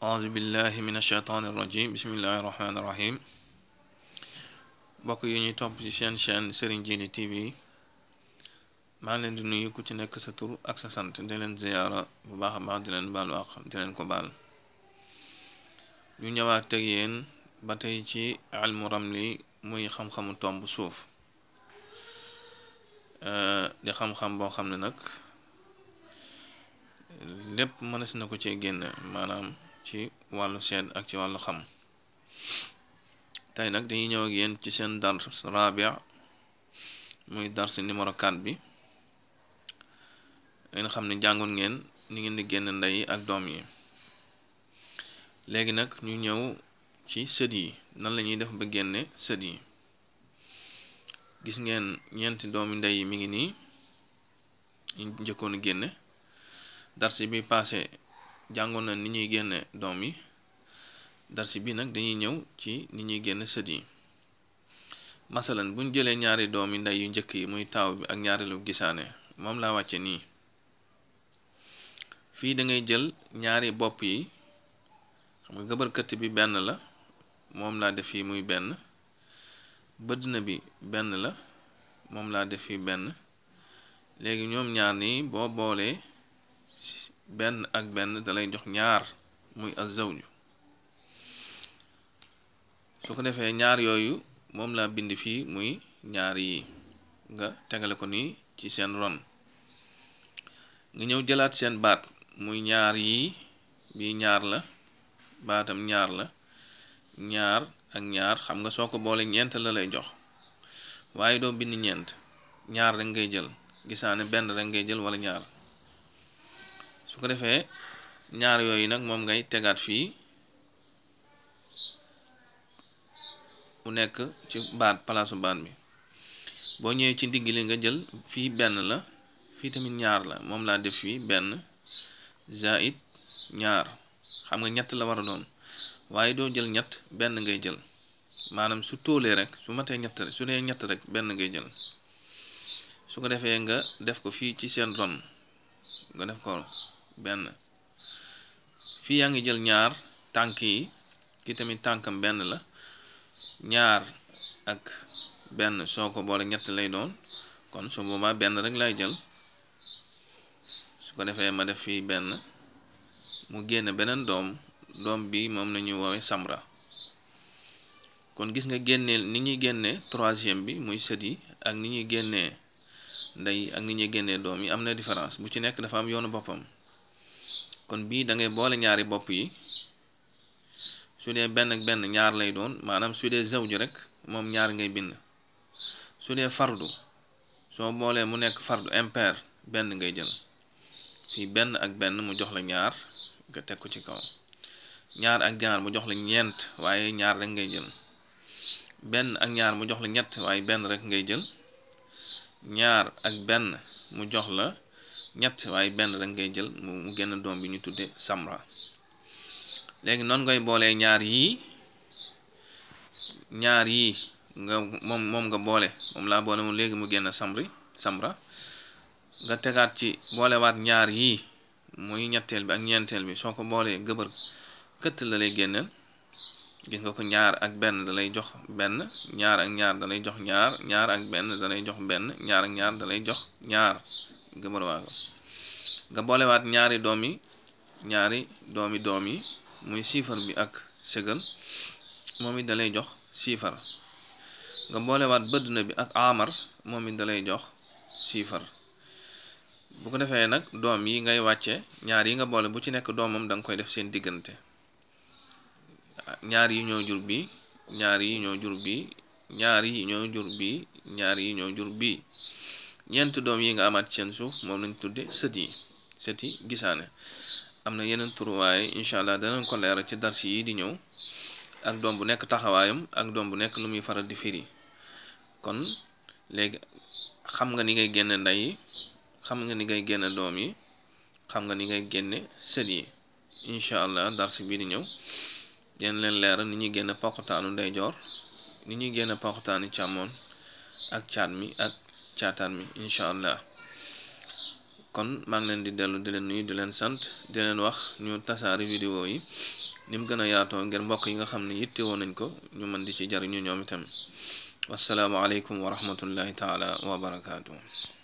auzu billahi min ashaytaani rajim bismillahi rahmaani rahim mbokk yi ñuy topp ci chaîne chaîne Serigne Djily TV maa ngi leen di nuyu ku ci nekk sa tur ak sa sant di leen ziyaara bu baax a baax di leen baalu àq di leen ko baal ñu ñëwaat teg yeen ba tey ci ilmu ramli muy xam-xamu tomb suuf euh, di xam-xam boo xam ne nag lépp mënees na ko cee génn maanaam ci wàllu seet ak ci wàllu xam tey nag dañuy ñëw ak yéen ci seen dars rabia muy dars numéro 4 bi ngeen xam ne jàngoon ngeen ni ngeen di génn ndey ak doom yi léegi nag ñu ñëw ci sët yi nan lañuy def ba génne sët yi gis ngeen ñeenti doomi ndey yi mi ngi nii njëkkoon génne dars bi passé jàngoon na ni ñuy génne doom yi darsi bi nag dañuy ñëw ci ni ñuy génne sët yi masalan buñ jëlee ñaari doom yi ndey yu njëkk yi muy taaw bi ak ñaareelu gisaane moom laa wàcce nii fii dangay jël ñaari bopp yi xam nga gëbërkëtt bi benn la moom laa def fii muy benn bëdd na bi benn la moom laa def fii benn léegi ñoom ñaar nii boo boolee benn ak benn da lay jox ñaar muy azawju su ko defee ñaar yooyu moom laa bind fii muy ñaar yi nga tegale ko nii ci seen ron nga ñëw jëlaat seen baat muy ñaar yii bii ñaar la baatam ñaar la ñaar ak ñaar xam nga soo ko boole ñeent la lay jox waaye doo bind ñeent ñaar rek ngay jël gisaane benn rek ngay jël wala ñaar su ko defee ñaar yooyu nag moom ngay tegaat fii mu nekk ci baat palaasu baat bi boo ñëwee ci ndigg li nga jël fii benn la fii tamit ñaar la moom laa def fii benn zaid ñaar xam nga ñett la war doon waaye doo jël ñett benn ngay jël maanaam su tóolee rek su matee ñett rek su dee ñett rek benn ngay jël su ko defee nga def ko fii ci seen ron nga def ko benn fii yaa ngi jël ñaar tànk yi ki tamit tànkam benn la ñaar ak benn soo ko boole ñett lay doon kon su boobaa benn rek lay jël su ko defee ma def fii benn mu génn beneen doom doom bii moom la ñuy woowee samra kon gis nga génneel ni ñuy génnee troisième bi muy sët yi ak ni ñuy génnee ndey ak ni ñuy génnee doom yi am na différence bu ci nekk dafa am yoonu boppam kon bii da ngay boole ñaari bopp yi su dee benn ak benn ñaar lay doon maanaam su dee zawju rekk moom ñaar ngay bind su dee fardu soo boolee mu nekk fardu impair benn ngay jël fii benn ak benn mu jox la ñaar nga teg ko ci kaw ñaar ak ñaar mu jox la ñeent waaye ñaar rek ngay jël benn ak ñaar mu jox la ñett benn rek ngay jël ñaar ak benn mu jox la ñett waaye benn rek ngay jël mu génn doom bi ñu tuddee samra léegi noon ngay boolee ñaar yii ñaar yii nga moom moom nga boole moom laa boole mu léegi mu génn samri samra nga tegaat ci boolewaat ñaar yii muy ñetteel bi ak ñeenteel bi soo ko boolee gëbër këtt lalay lay génneel gis nga ko ñaar ak benn da lay jox benn ñaar ak ñaar dalay jox ñaar ñaar ak benn da jox benn ñaar ak ñaar jox ñaar nga boolewaat ko boolewaat ñaari doom yi ñaari doomi doom yi muy siifar bi ak sëgal moom it dalay jox siifar nga boolewaat bëdd na bi ak aamar moom it dalay jox siifar bu ko defee nag doom yi ngay wàcce ñaar yi nga boole bu ci nekk doomam danga koy def seen diggante ñaar yi ñoo bi ñaar yi bi ñaar yi ñoo jur bi ñaar yi ñoo jur bi ñeenti doom yi nga amaat seen suuf moom lañ tudde sët yi sët yi gisaane am na yeneen turuwaay incha allah danañ ko leeral ci dars yi di ñëw ak doom bu nekk taxawaayam ak doom bu nekk lu muy faral di firi kon léegi xam nga ni ngay génne ndey yi nga ni ngay génne doom yi xam nga ni ngay génne sët yi incha allah dars bii di ñëw dinañ leen leeral ni ñuy génne poqataanu ndeyjoor ni ñuy génne poqataanu càmmoon ak caat mi ak caataan mi incha allah kon maa ngi leen di dellu di leen nuyu di leen sant di leen wax ñu tasaari vidéo yi ni mu gën a yaatoo ngir mbokk yi nga xam ne yittewoo nañ ko ñu mën di ci jariñu ñoom itam wassalaamu aleykum wa rahmatullahi taala wa